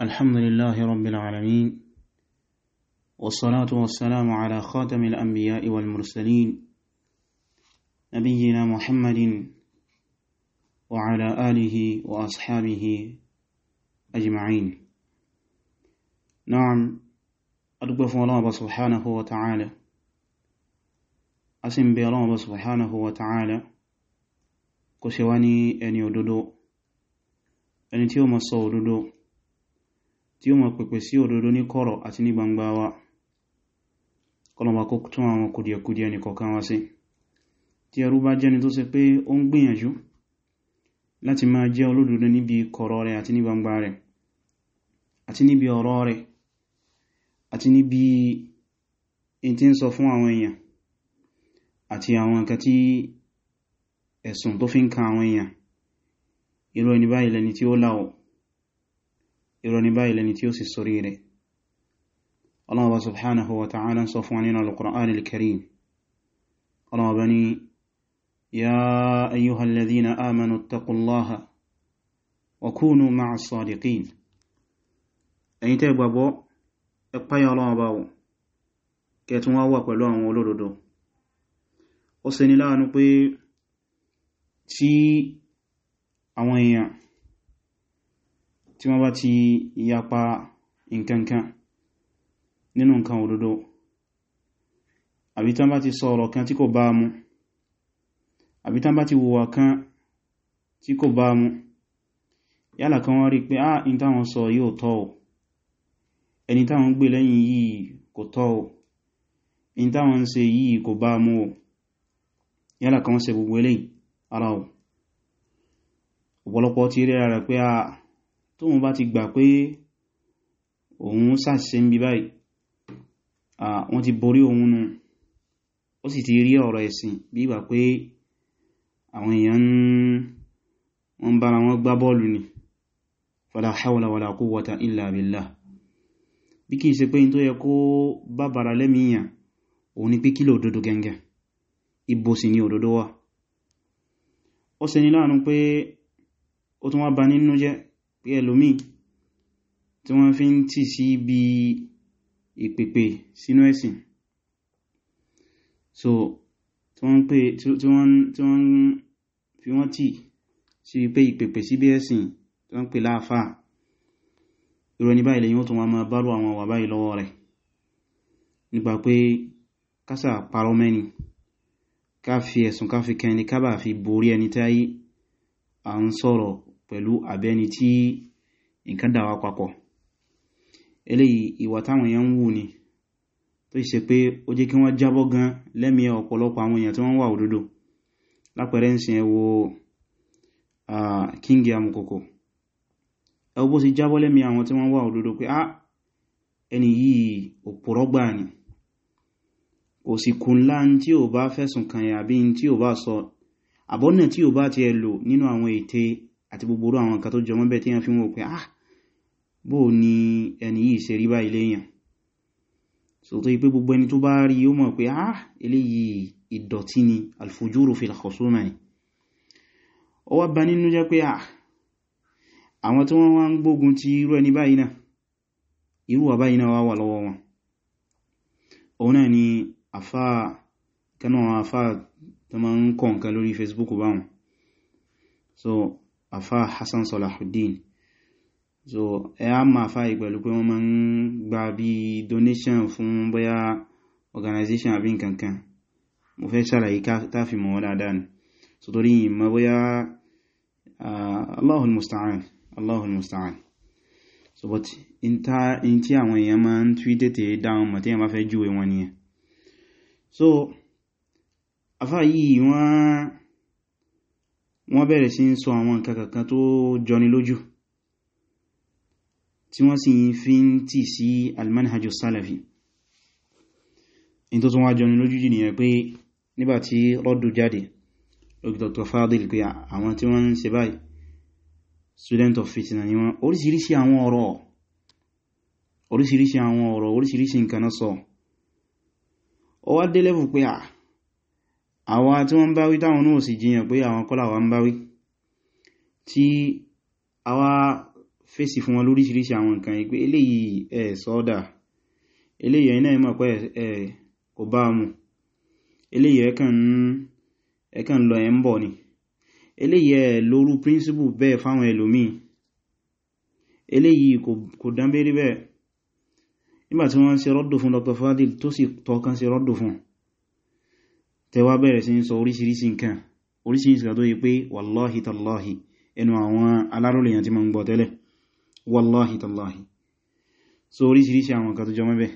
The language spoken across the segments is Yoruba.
الحمد لله رب العالمين والصلاة والسلام على خاتم الأنبياء والمرسلين نبينا محمد وعلى آله وأصحابه أجمعين نعم أدقف الله سبحانه وتعالى أسم الله سبحانه وتعالى كسواني أن يدودو أن يتيوم الصودودو tí ó mọ̀ pẹ̀pẹ̀ sí òdodo ní kọ̀rọ̀ àti ní gbangba wa kọlọ̀mà kó tún àwọn kùdìẹ̀kùdìẹ̀ nìkọ̀kan wá sí tí ẹrú bá jẹ́ni tó ṣe pé ó ń gbìyànjú láti máa jẹ́ olódodo níbi kọ̀rọ̀ rẹ̀ àti ní gbangba rẹ̀ àti níbi ọ̀rọ̀ rẹ̀ àti níbi in ń sọ fún àwọn èèyàn àti àwọn nǹkan tí ẹ̀sùn tó fi ń kan àwọn èèyàn irú ẹni báyìí lẹni tí ó láwọ̀ ìrọ̀ni báyìí lẹni tí ó sì sórí rẹ̀ ọlọ́wọ́ bá subhanahu wa ta'ala sọ fún nínú al-Qur'an al-Karim ọlọ́wọ́ bá ní ya ayyuhal ladhina amanu tí wọ́n bá ti yapa nkankan nínú nkan òdodo àbí tán bá ti sọ ọ̀rọ̀ kan tí kò bá mu àbí tán bá ti wùwà kan tí kò bá mu yálà kan wọ́n rí pé ah in táwọn sọ yóò tọ́ ò ẹni táwọn gbé lẹ́yìn yìí kò tọ́ ò in táwọn ṣe yìí kò bá mu ò yálà kan ṣe gbogbo eléyìí ara ò ọ̀pọ̀lọpọ̀ ti rí ara pé ah tó wọ́n bá ti gbà pé òun sàṣe ń bí báyìí wọ́n ti borí òun nù ó sì ti rí ọ̀rọ̀ ẹ̀sìn bí ìgbà pé àwọn èèyàn wọ́n bára wọn gbá bọ́ọ̀lù ni fala hawla wala quwwata illa billah bí kìí ṣe pé in tó yẹ kó bàbàrà lẹ́mìíyàn òun ni pé kí lòdodo gẹngẹ ibo sì ni òdodo wà ó ṣe ní láàánú pé ó tún wá bà nínú jẹ́ pé ẹlòmí tí wọ́n fi ń tì sí ibi ìpèpè sínú ẹ̀sìn so tí wọ́n fi wọ́n tì sí pé ìpèpè sí bí ẹ̀sìn tí wọ́n pè láàfáà irọ́ ní báyìí lẹ́yìn ó tún wọ́n máa bárò àwọn wà báyìí lọ́wọ́ rẹ̀ nípa pé kásà parọ́ mẹ́ni ká fi ẹ̀sùn ká fi kẹni ká bá fi borí ẹni tí a ń sọ̀rọ̀ pẹ̀lú àbẹ́ni tí nǹkan dàwà papọ̀ eléyìí ìwà táwọn èèyàn ń wù ni tó ṣe pé ó jẹ́ kí wọ́n jábọ́ gan lẹ́mí ọ̀pọ̀lọpọ̀ àwọn èèyàn tí wọ́n wà òdodo lápẹẹrẹ ń sin ẹwọ kíngì amukoko ẹwọ bó sì jábọ́ lẹ́mí àwọn tí wọ́n wà òdodo pé ah ẹni yìí òpùrọ́ gbà ni kò sì kún lá tí ò bá fẹ̀sùn kan àbí tí ò bá sọ àbọ́nà tí ò bá ti ẹ lò nínú àwọn ète àti gbogbo àwọn nǹkan tó jọmọ́ bẹ́ẹ̀ tí yàn fi wọ́n pé ah bó ni ẹni yìí ṣe rí bá ilé yàn so tó yí pé gbogbo ẹni tó bá rí yóò mọ̀ pé ah eléyìí ìdọ̀tí ni alfujúrù fil khusuma ni ó wá bá nínú jẹ́ pé ah àwọn tí wọ́n wá ń gbógun ti irú ẹni báyìí náà irú wà báyìí náà wà lọ́wọ́ wọn òun náà ni afá kanáà afá tó máa ń kọ nǹkan lórí Facebook báwọn so afá Hassan Salahuddin so ẹ á máa fáyì pẹ̀lú pé wọ́n máa ń gba bí donation fún bóyá organization àbí nkankan mo fẹ́ ṣàlàyé káfí mọ̀ wọ́n dáadáa ni so torí ìmọ̀ bóyá Allahul musta'an Allahul musta'an so but in tí àwọn èèyàn máa ń tún tètè dáhùn mọ̀ tí èèyàn bá fẹ́ júwe wọn nìyẹn so afá yìí wọ́n wọ́n bẹ̀rẹ̀ sí ń sọ àwọn nǹkan kankan tó jọni lójú tí wọ́n sì fi ń tì sí almanhajjus salafi in tó tún wá jọni lójú jì nìyẹn pé nígbàtí rọ́dù jáde lókè Dr. Fadil pé àwọn tí wọ́n ń ṣe báyìí student of fitna ni wọ́n oríṣiríṣi àwọn ọ̀rọ̀ oríṣiríṣi àwọn ọ̀rọ̀ oríṣiríṣi nǹkan náà sọ ó wá dé àwa tí wọ́n bá wí táwọn náà sì jiyàn pé àwọn kọ́lá wa ń bá wí tí àwa fèsì fún wọn lóríṣiríṣi àwọn nǹkan ìgbé eléyìí ẹ̀ sọ́dà eléyìí ẹ̀yìn náà mọ̀ pé ẹ̀ kò bá mu eléyìí ẹ̀kàn lọ ẹ̀ ń bọ̀ ni eléyìí ẹ̀ lórú tẹwa bẹ̀rẹ̀ sí ń sọ oríṣiríṣi nǹkan oríṣiríṣi nǹkan tó yí pé wallahi tallahi ẹnu àwọn alárólè yàn ti ma ń gbọ́ tẹ́lẹ̀ wallahi tallahi so oríṣiríṣi àwọn nǹkan tó jọ mẹ́bẹ̀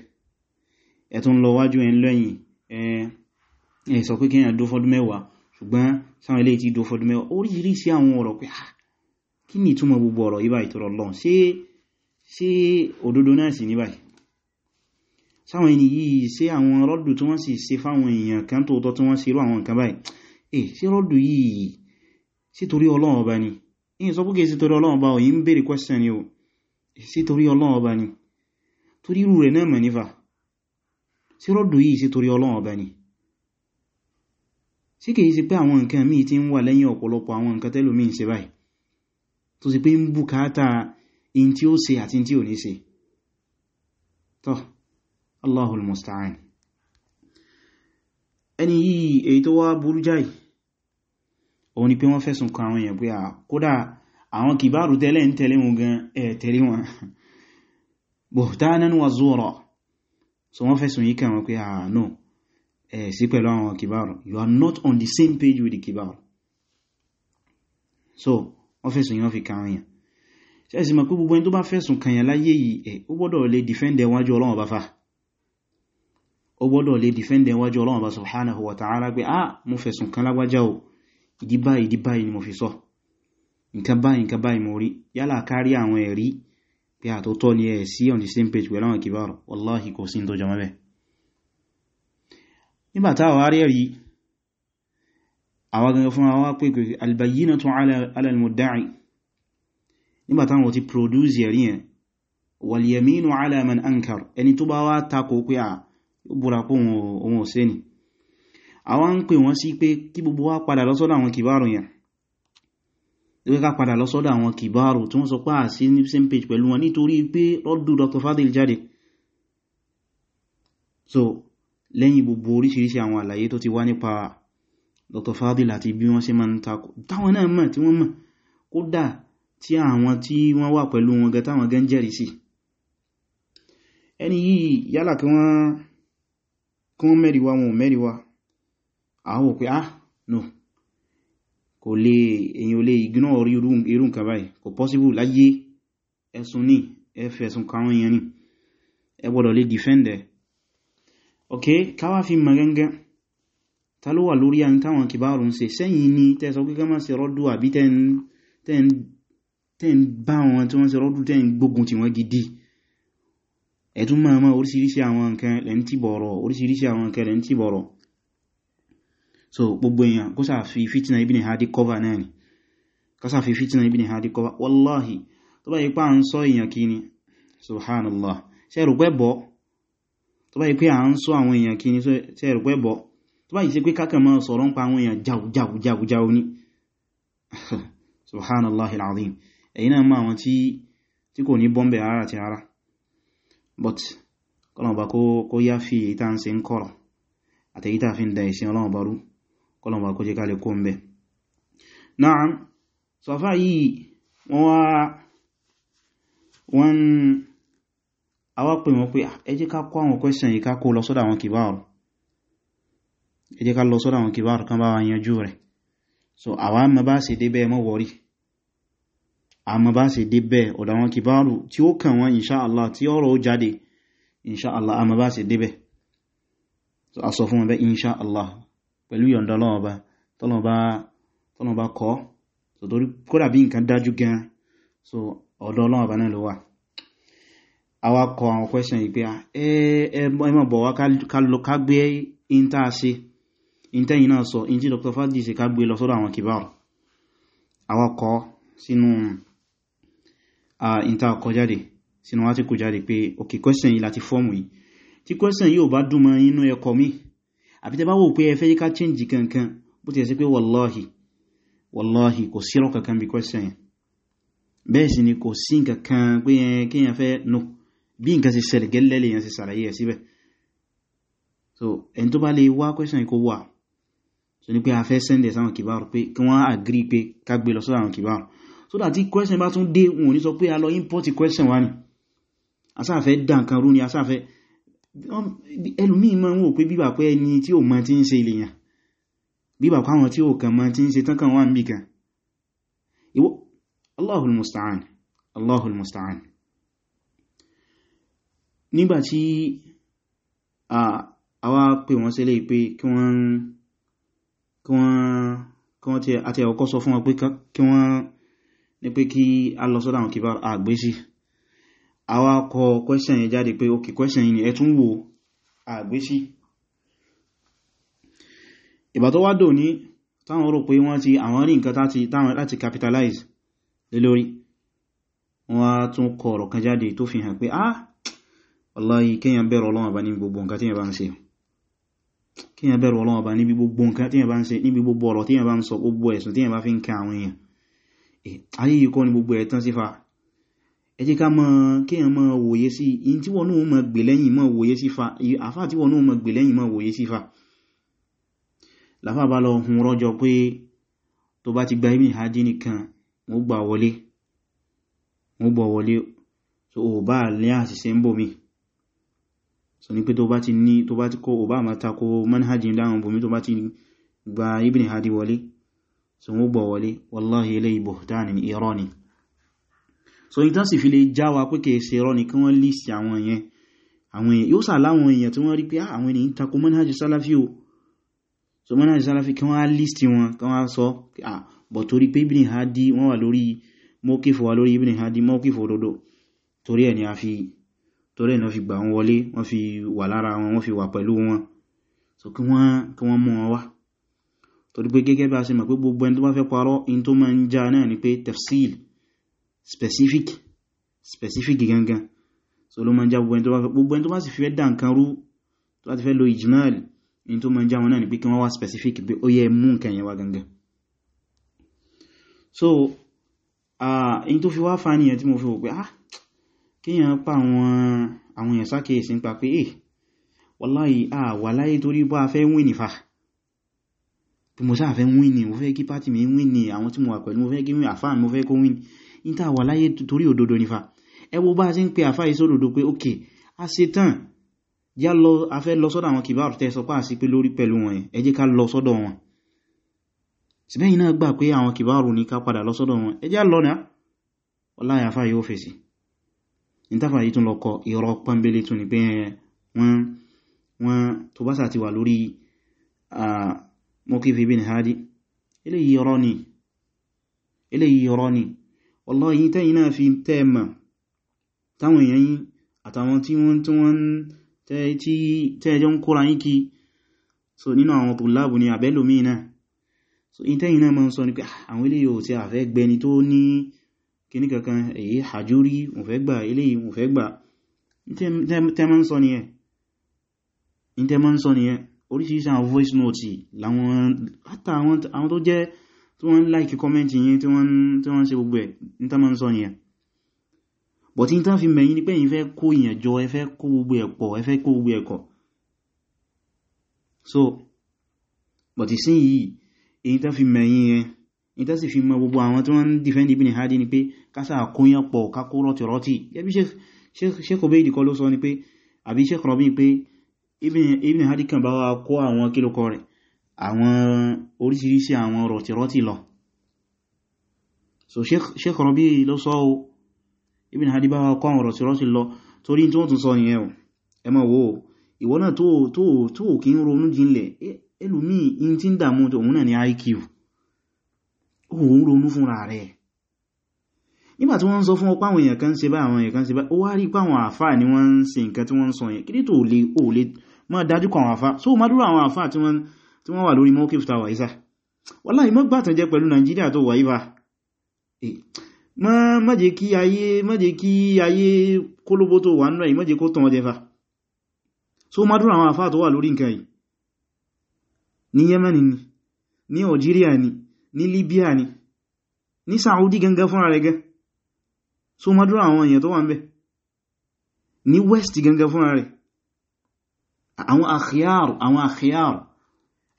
ẹ tún lọ wájú ẹ̀ lẹ́yìn ẹ sọ pé kíyàn dó fọ́dún mẹ́wàá ṣùgbọ́n sáwọn ilé ti dó fọ́dún mẹ́wàá oríṣiríṣi sáwọn ẹni yìí ṣe àwọn rọ́dù tí wọ́n sì ṣe fáwọn èèyàn kan tó tọ́ tí wọ́n ṣe irú àwọn nǹkan báyìí eh ṣe rọ́dù yìí sí torí ọlọ́run ọba ni ìyìn sọ sí torí ọlọ́run ọba òyìn ń bèèrè question ni o sí torí ọlọ́run ọba ni torí irú rẹ̀ náà mọ̀ nífà sí rọ́dù yìí sí torí ọlọ́run ọba ni sí kìí sí pé àwọn nǹkan míì ti ń wà lẹ́yìn ọ̀pọ̀lọpọ̀ àwọn nǹkan tẹ́lòmíì ṣe báyìí tó sì pé ń bùkátà in tí ó ṣe àti in tí ò ní ṣe tọ́ Allahul musta'an ẹni yìí èyí tó wá burú jáì òun ni pé wọ́n fẹ́sùn kan àwọn èèyàn pé à kódà àwọn kìbáàrù tẹ́lẹ̀ ń tẹ́lẹ̀ wọn gan ẹ̀ tẹ́lẹ̀ wọn buhtanan wa zura so wọ́n fẹ́sùn yìí kàn wọ́n pé à no ẹ̀ sí pẹ̀lú àwọn kìbáàrù you are not on the same page with the kìbáàrù so wọ́n fẹ́sùn yìí wọ́n fi kan àwọn èèyàn ṣẹ́sì mọ̀ pé gbogbo ẹni tó bá fẹ́sùn kan yẹn láyé yìí ẹ̀ ó gbọ́dọ̀ lè defend ẹ̀ Ọlọ́run bá fà ó gbọ́dọ̀ lè dìfẹ́ndẹ̀ wájú Ọlọ́run bá subhanahu wa ta'ala pé ah mo fẹ̀sùn kan lágbájá o ìdí báyìí ìdí báyìí ni mo fi sọ nǹkan báyìí nǹkan báyìí mo rí yálà kárí àwọn ẹ̀rí pé àtótọ́ ni ẹ̀ sí on the same page pẹ̀lú àwọn kìbárọ̀ wallahi kò sí tó jọmọ́ bẹ́ nígbà táwọn arí ẹ̀rí àwọn gangan fún àwọn pé albayyinatu ala al-mudda'i nígbà táwọn ti produce ẹ̀rí yẹn wal yaminu ankar ẹni tó bá wá takò pé à ah, búra pé òun ò sẹ́ni àwọn ń pè wọ́n sí pé kí gbogbo wa padà lọ́sọ́dọ̀ àwọn kìbáàrù yẹn ìwé ká padà lọ́sọ́dọ̀ àwọn kìbáàrù tí wọ́n sọ pé àsí ní same page pẹ̀lú wọn nítorí pé rọ́dù Dr. Fadil jáde so lẹ́yìn gbogbo oríṣiríṣi àwọn àlàyé tó ti wá nípa Dr. Fadil àti bí wọ́n ṣe máa ń takò táwọn náà mọ̀ tí wọ́n mọ̀ kódà tí àwọn tí wọ́n wà pẹ̀lú wọn gan táwọn gan jẹ́rìí sí ẹni yìí yálà kí wọ́n kí wọ́n mẹ́rìíwá wọn mẹ́rìíwá àwọn òpé ah no kò lè èyàn olè ìgbìnà orí irú nǹkan báyìí kò possible láyé ẹ̀sùn ní ẹfẹ̀sùn karùn èyàn ní ẹ gbọ́dọ̀ lè defend ẹ̀ ok káwà fi mọ̀ gẹ́gẹ́ ta ló wà lórí àyíká wọn kìbárùn ṣe sẹ́yìn ní tẹ́sọ gígá máa ṣe rọ́dù àbí tẹ́ ń bá wọn tí wọ́n ṣe rọ́dù tẹ́ ń gbógun ti wọn gidi ẹ̀tún máa máa oríṣiríṣi àwọn nǹkan lẹ́ ń tìbọ̀rọ̀ oríṣiríṣi àwọn nǹkan so gbogbo èèyàn kó sáà fi fitna na hadi cover náà ni kó sáà fi fitna ha wallahi tó bá nso ń sọ èèyàn kí ni subhanallah ṣe rò pé bọ́ tó bá yí à ń sọ àwọn èèyàn kí ni ṣe rò bọ́ tó bá pé máa sọ̀rọ̀ but kọlọ̀ọ̀bá kó yá fi ìta ń ṣe ń kọ̀rọ̀ àtẹ̀yíta fi ń da ìsin ọlọ́ọ̀bá rú kọlọ̀ọ̀bá kó jẹ́ kálẹ̀ kó ń bẹ̀ náà sọfá yìí wọ́n wá wọ́n awá pè pé ẹ ká kó àwọn yìí ká kan bá yanjú rẹ̀ so awa mọ́ bá ṣe débẹ̀ mọ́ àmọ́ bá ṣe dé bẹ́ẹ̀ ọ̀dọ̀ àwọn kìbáàrù tí ó kàn wọ́n inṣáàlá tí ọ̀rọ̀ ó jáde inṣáàlá àmọ́ bá ṣe dé bẹ́ẹ̀ so a sọ fún wọn bẹ́ inṣáàlá pẹ̀lú yọ̀ǹda ọlọ́ọ̀ba tọ́lọ̀ọ̀ba kọ́ so torí kódà bí nǹkan dájú gan so ọ̀dọ̀ ọlọ́ọ̀ba náà ló wà àwa kọ àwọn question yìí pé ah, ẹ mọ̀ bọ̀ wá ká gbé ìntà ṣe ìntẹ́yìn náà sọ ìntí Dr. Fadli ṣe ká gbé lọ sọ́dọ̀ àwọn kìbáàrù àwa kọ sínú ìta ọkọ̀ jáde sínú wá tí kò jáde pé okay question yìí láti fọ́ọ̀mù yìí tí question yìí ò bá dùn mọ́ inú ẹkọ̀ mi àbí tẹ bá wò pé ẹ fẹ́ ká change kankan bó ti ẹ̀sí pé wallahi wallahi kò sí kankan bí question yẹn bẹ́ẹ̀ sì ni kò sí nǹkankan pé yẹn kí yẹn fẹ́ no bí nǹkan ṣe ṣẹlẹ̀ gẹ́lẹ́ lè yẹn ṣe ṣàlàyé ẹ̀ síbẹ̀ so ẹni tó bá lè wá question yìí kó wà so ni pé a fẹ́ send ẹ̀ sáwọn kìbáàrù pé kí wọ́n agree pé ká gbé lọ sọ́dọ̀ àwọn kìbáàrù so that tí question bá tún dé wọn ní sọ pé a lọ import question wá ní asáfẹ́ dá nǹkan rú ni asáfẹ́ um, ẹlòmíì máa ń wò pé bíbà pé ẹni tí ò mọ̀ tí ń ṣe ilèyàn bíbà pé àwọn tí ò kàn mọ̀ tí ń ṣe tán kàn wà ń bì kan ìwọ Allahul musta'an Allahul musta'an nígbàtí àwa pè wọ́n sílé pé kí wọ́n tí àti ẹ̀kọ́ sọ fún wọn pé kí wọ́n ní pé kí a lọ sọ́dọ̀ àwọn kibar àgbésí àwa kọ question yẹn jáde pé ok question yìí ni ẹ tún wò àgbésí ìgbà tó wá dò ní táwọn rò pé wọ́n ti àwọn rí nǹkan táwọn láti capitalize lé lórí wọ́n á tún kọ ọ̀rọ̀ kan jáde tó fi hàn pé ah wallahi kíyàn bẹ̀rù Ọlọ́run bá ní gbogbo nǹkan tí yẹn bá ń ṣe kíyàn bẹ̀rù Ọlọ́run bá ní gbogbo nǹkan tí yẹn bá ń ṣe níbi gbogbo ọ̀rọ̀ tí yẹn bá ń sọ gbogbo ẹ̀sùn tí yẹn bá fi ń kẹ àwọn èèyàn Eh, ayé yìí kọ́ ni gbogbo ẹ̀tán sí fa ẹ jẹ́ ká mọ̀ kéèyàn mọ̀ wòye sí in tí wọ́n náà mọ̀ gbè lẹ́yìn mọ̀ wòye sí fa àfá tí wọ́n náà mọ̀ gbè lẹ́yìn mọ̀ wòye sí fa láfà bá lọ hun rọ́jọ pé tó bá ti gba ibi ìhájí nìkan wọ́n gbà wọlé wọ́n gbà wọlé so ò bá lẹ́ àṣìṣe ń bò mí so ní pé tó bá ti ní tó bá ti kó ò bá máa tako manhajin dáhùn bòmí tó bá ti gba ibi ìhájí wọlé so wọ́n gbọ́ wọlé wallahi eléyìí buhtanin irọ́ ni so in tán sì fi lè jáwa pé kèé ṣe irọ́ ni kí wọ́n list àwọn èèyàn àwọn èèyàn yóò sà láwọn èèyàn tí wọ́n rí pé ah, àwọn ènìyàn tako manhajì sálàfí o so manhajì sálàfí kí wọ́n á list wọn kí wọ́n á sọ ah bọ̀ torí pé ibn hadi wọ́n wà lórí mọ́kífò wà lórí ibn hadi mọ́kífò òdodo torí ẹ̀ ni a fi torí ẹ̀ ni wọ́n fi gbà wọn wọlé wọ́n fi wà lára wọn wọ́n fi wà pẹ̀lú wọn so kí wọ́n mú wọn wá torí pé gẹ́gẹ́ bí a ṣe mọ̀ pé gbogbo ẹni tó bá fẹ́ parọ́ in tó máa ń já náà ni pé tefsil specific specific gangan so ló máa ń já gbogbo ẹni tó bá fẹ́ gbogbo ẹni tó bá sì fẹ́ dá nǹkan rú tó bá ti fẹ́ lo ijmal in tó máa ń já wọn náà ni pé kí wọ́n wá specific pé ó yẹ mú nǹkan yẹn wá gangan so in tó fi wá fa nìyẹn tí mo fi wò pé ah kíyàn pa àwọn àwọn èèyàn sákèèsí ń pa pé eh wallahi àwàláyé torí bá a fẹ́ wìn nífà bí mo sáà fẹ́ win ni mo fẹ́ kí pátì mi win ni àwọn tí mo wà pẹ̀lú mo fẹ́ kí win àfáà mo fẹ́ kó win níta wà láyé torí òdodo nífà ẹ wo bá a ṣe ń pe àfáà yìí sódodo pé ok a ṣe tán já lọ a fẹ́ lọ sọ́dọ̀ àwọn kìbáàrù tẹ́ sọ pé àṣì pé lórí pẹ̀lú wọn ẹ jẹ́ ká lọ sọ́dọ̀ wọn síbẹ̀yìn náà gbà pé àwọn kìbáàrù ní ká padà lọ sọ́dọ̀ wọn ẹ jẹ́ lọ Muqifi bin Hadi eléyìí irọ́ ni eléyìí irọ́ ni wallahi yí tẹ́yìn náà fi tẹ́ẹ̀mà táwọn èèyàn yí àtàwọn tí wọ́n tí wọ́n tẹ́ẹ̀jọ́ ń kóra yí kí so nínú àwọn tùláàbù ni àbẹ́lòmí náà so yí tẹ́yìn náà máa ń sọ ní pé ah, àwọn eléyìí ò tí a fẹ́ gbẹni tó ní oríṣiríṣi àwọn voice note láwọn látà àwọn tó jẹ́ tí wọ́n ń like comment yìí tí wọ́n ń ṣe gbogbo ẹ̀ ní tán mọ́ sọ yẹn bọ̀ tí tán fi mẹ̀yìn ni pé yìí fẹ́ kó ìyẹn jọ ẹ fẹ́ kó gbogbo ẹ̀ pọ̀ ẹ fẹ́ kó gbogbo ẹ̀ kọ̀ so bọ̀ tí sín yìí èyí tán fi mẹ̀yìn ẹ èyí tán sì fi mọ gbogbo àwọn tí wọ́n ń defend Ibn Hadi ni pé kásà àkóyàn pọ̀ kákó rọ̀tì rọ̀tì yẹbi Sheikh Obeid kọ́ ló sọ ni pé àbí Sheikh pé Ibn Hadi kan bá wá kó àwọn kílòkọ rẹ̀ àwọn oríṣiríṣi àwọn rọ̀tìrọ̀tì lọ so Sheikh Rabi ló sọ o Ibn Hadi bá wá kó àwọn rọ̀tìrọ̀tì lọ torí tí wọ́n tún sọ yẹn o ẹ má wò ìwọ náà tó kí ń ronú jinlẹ̀ e, ni IQ òun ronú fúnra rẹ̀ nígbà tí wọ́n ń sọ fún ọpá àwọn èèyàn kan ṣe bá àwọn èèyàn kan ṣe bá ó wá rí pàwọn àfáà ni wọ́n ń ṣe nǹkan tí wọ́n ń sọ yẹn kí ní tó lè ma dájú kọ àwọn àfá so ma dúró àwọn àfá tí wọ́n wà lórí mọ́kíf tàwà isa wallahi mọ́ gbàtàn jẹ́ pẹ̀lú Nàìjíríà tó wà ibà má jẹ́ kí ayé má jẹ́ kí ayé kólóbó tó wà náà má kó tán ọjẹ́fà so ma dúró àwọn àfá tó wà lórí nǹkan yìí ní Yemen ni ní Algeria ni ní Libya ni ní Saudi gangan fúnra rẹ̀ gan so ma dúró àwọn èèyàn tó wà ń bẹ̀ ní West gangan fúnra rẹ̀ àwọn àkíyàr àwọn àkíyàr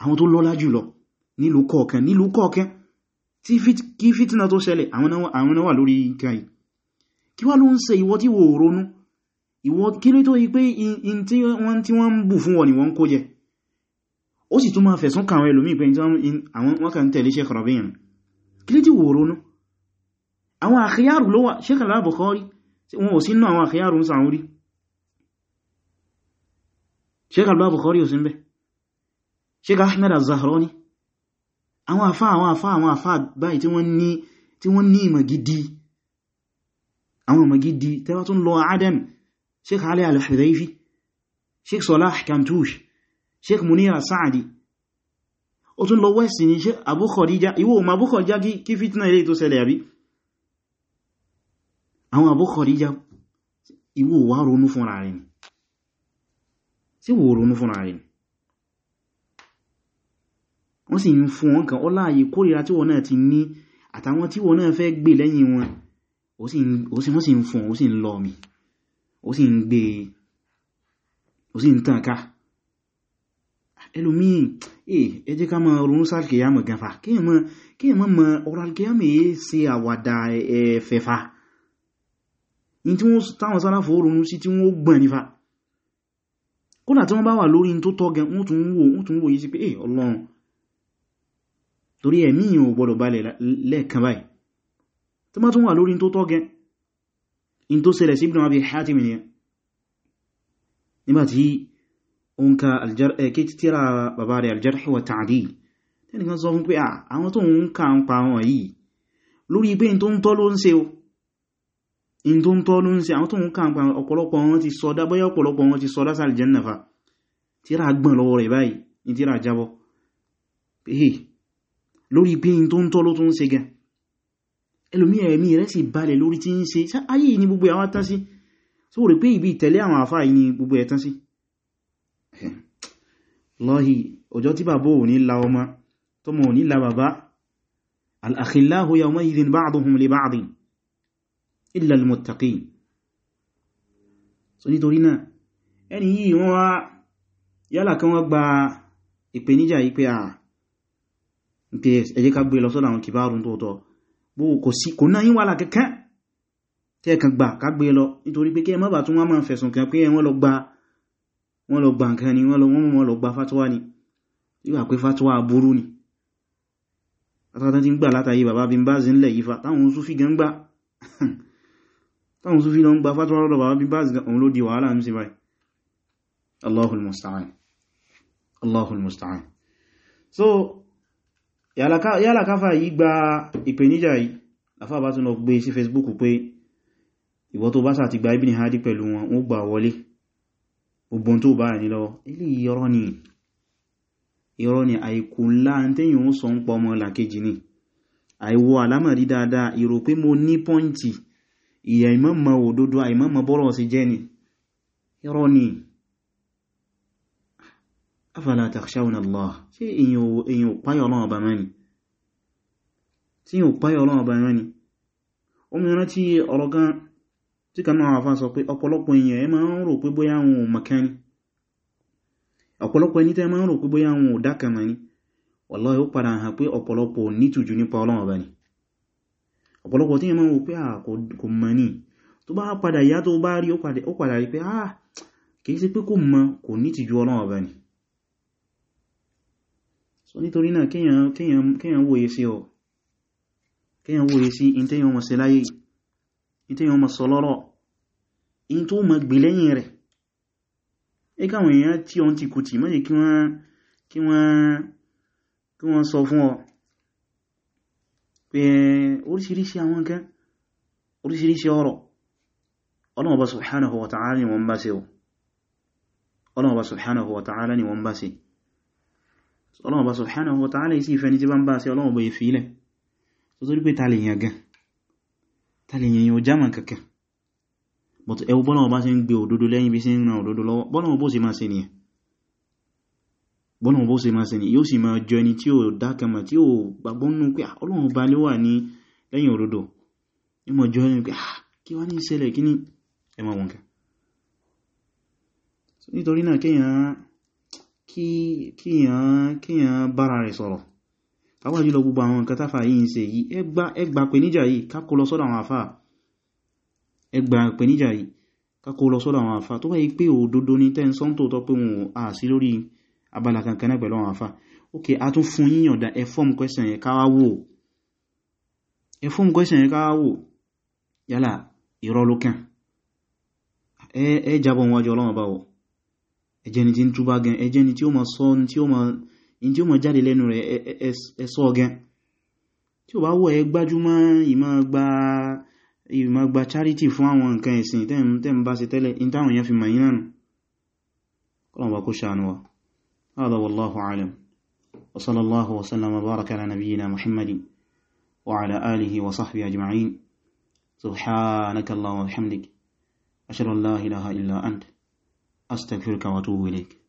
àwọn tó lọ́lá jùlọ nílùú kọ̀ọ̀kan nílùú kọ̀ọ̀kan tí kí fìtínà tó ṣẹlẹ̀ àwọn náà wà lórí nǹkan yìí kí wá ló ń ṣe ìwọ tí wò ronú ìwọ kí ló tó yí pé in tí wọ́n tí wọ́n ń bù fún wọn ni wọ́n ń kó jẹ ó sì tún máa fẹ̀sùn kàwọn ẹlòmíì pé wọ́n kàn tẹ̀lé Sheikh Rabi' kí ló tí wò ronú àwọn àkíyàrù ló wà Sheikh al-Bukhari wọn ò sí náà àwọn àkíyàrù ń sàwọn rí sheik alba bukhari ò sí ń bẹ sheik ahmed al-zahrani àwọn àfá àwọn àfá àwọn àfá báyìí tí wọ́n ní tí wọ́n ní ìmọ̀ gidi àwọn ìmọ̀ gidi tẹ́wà tún lọ adam sheik ali al-hudhaifi sheik salah kamtush sheik munira sa'adi ó tún lọ west ní sheik abu khadija ìwọ ma abu khadija kí fitna ilé tó ṣẹlẹ̀ àbí àwọn abu khadija ìwọ wá ronú fúnra rẹ̀ ni sí wò ronú fúnra rẹ̀ wọ́n sì ń fún wọn kan ọlá àyè kórìíra tí wọ́n náà ti ní àtàwọn tí wọ́n náà fẹ́ gbé lẹ́yìn wọn ó sì wọ́n sì ń fún ó sì ń lọ mi ó sì ń gbé e. ó sì ń tàn ká ẹlòmíì ẹ jẹ́ ká máa ronú sálkìyàmọ̀ ganfa kíyàn mọ́ mọ́ ọ̀rọ̀ alkìyàmọ̀ yìí ṣe àwàdà ẹ̀fẹ̀fà yìí tí wọ́n táwọn sára fòórùn sí tí wọ́n gbọ́n nífà kódà tí wọ́n bá wà lórí tó tọ́ gan wọ́n tún wò wọ́n tún wò yí sí pé eh ọlọ́run torí ẹ̀mí yìí ò gbọdọ̀ balẹ̀ lẹ́ẹ̀kan báyìí tí wọ́n tún wà lórí tó tọ́ gan in tó ṣẹlẹ̀ sí Ibn Abi Hatim nìyẹn in tó ń tọ́ ló ń ṣe àwọn tó ń kàn pa ọ̀pọ̀lọpọ̀ wọn ti sọ dábọ́yá ọ̀pọ̀lọpọ̀ wọn ti sọ lásà aljanna fa tíra gbọ́n lọ́wọ́ rẹ̀ báyìí ní tíra jábọ́ lórí pé in tó ń tọ́ ló tún ṣe gan ẹlòmí ẹ̀mí rẹ̀ sì balẹ̀ lórí tí ń ṣe ayé ní gbogbo àwọn tán sí so rẹ̀ pé ibi ìtẹ̀lé àwọn àfá yìí ní gbogbo ẹ̀tán sí lọ́hì ọjọ́ tí bàbá ò ní la ọmọ tọmọ ò ní la bàbá al-akhillahu yawma idhin ba'duhum li ba'din illa al-muttaqin so nítorí náà ẹni yìí wọ́n wá yálà kan wọ́n gba ìpèníjà yìí pé àà pé ẹ jẹ́ ká gbé e lọ sọ́dọ̀ àwọn kìbárùn tóòtọ́ bó kò sí kò náà yín wà lákẹ́kẹ́ tí ẹ kan gbà ká gbé e lọ nítorí pé kí ẹ má bà tún wọ́n ń gbà látàyè bàbá bí ń bá zi ń lẹ̀ yífa táwọn Súfì gan gbà táwọn Sufi lọ ń gba fatuwa lọ́dọ̀ bàbá bí báàzì òun ló di wàhálà ń sí báyìí Allahul so yálà káfà yí gba ìpèníjà yìí afá bá tún lọ gbé e sí Facebook pé ìwọ tó bá sà ti gba Ibn Hadi pẹ̀lú wọn ó gbà wọlé gbogbo tó bá rẹ̀ nílọ ilé irọ́ ni irọ́ ni ìyà ìmọ́mọ̀ òdodo àìmọ́mọ̀ bọ́rọ̀ sí jẹ́ ni irọ́ ni afala takhshawna Allah ṣe èyàn ò páyọ̀ ọba mẹ́ni tí yàn ò páyọ̀ ọlọ́run ọba mẹ́ni omiran tí ọ̀rọ̀ gan tí kan sọ pé ọ̀pọ̀lọpọ̀ ọ̀pọ̀lọpọ̀ tí yẹn máa ń wo pé à ah, kò mọ̀ ní tó bá padà yá tó bá rí ó padà rí pé à ah, kìí sí pé kò mọ̀ kò ní tìjú Ọlọ́run ni so nítorí náà wòye sí ọ kéèyàn wòye sí in téèyàn mọ̀ sí láyé in téèyàn mọ̀ sọ lọ́rọ̀ in tó mọ̀ gbé lẹ́yìn rẹ̀ ẹ káwọn èèyàn tí ọ ti kùtì mọ́ pé oríṣiríṣi àwọn nǹkan oríṣiríṣi ọ̀rọ̀ ọlọ́mọba subhanahu wa ta'ala ni wọ́n bá ṣe ọlọ́mọba subhanahu wa ta'ala ni wọ́n bá ṣe wa isi ìfẹ́ ni tí bá ń bá ṣe ọlọ́mọba ìfilẹ̀ tó tó rí pé ta bọ́nà bó ṣe máa ṣe ni yóò sì máa jọ ẹni tí ó dákẹmọ̀ tí ó gbàgbọ́ nínú pé ọlọ́run bá lè wà ní lẹ́yìn òdodo yóò máa jọ ẹni pé kí wá ní ìṣẹ̀lẹ̀ kí ní ẹmọ wọn kẹ nítorí náà kíyàn bára rẹ̀ sọ̀rọ̀ káwà jùlọ gbogbo àwọn nǹkan táfà yìí ń ṣe yìí ẹgbà pèníjà yìí kákó lọ sọ́dọ̀ àwọn àfà ẹgbà pèníjà yìí kákó lọ sọ́dọ̀ àwọn àfà tó bá pé òdodo ní tẹ́ ń sọ́ntò tọ́ pé wọn à sí lórí abala kankan náà pẹ̀lú àwọn àfá ok a tún fún yíyàn dá ẹfọ́m question yẹn káwá wò ẹfọ́m question yẹn káwá wò yálà ìrọlókàn ẹ jábọ̀ wọn jọ ọlọ́wọ́ báwọ̀ ẹjẹni tí ń túbá gan ẹjẹni tí ó ma sọ tí ó ma jáde lẹ́nu rẹ̀ ẹsọ́ gan tí ó bá wọ́ ẹ gbájúmọ́ ìmá gba charity fún àwọn nǹkan ẹ̀sìn tẹ́m bá ṣe tẹ́lẹ̀ in táwọn yẹn fi mọ̀ yínà nù kọ́lọ̀wọ́ kó ṣàánú wa هذا والله أعلم وصلى الله وسلم وبارك على نبينا محمد وعلى آله وصحبه أجمعين سبحانك اللهم وبحمدك أشهد أن لا إله إلا أنت أستغفرك وأتوب إليك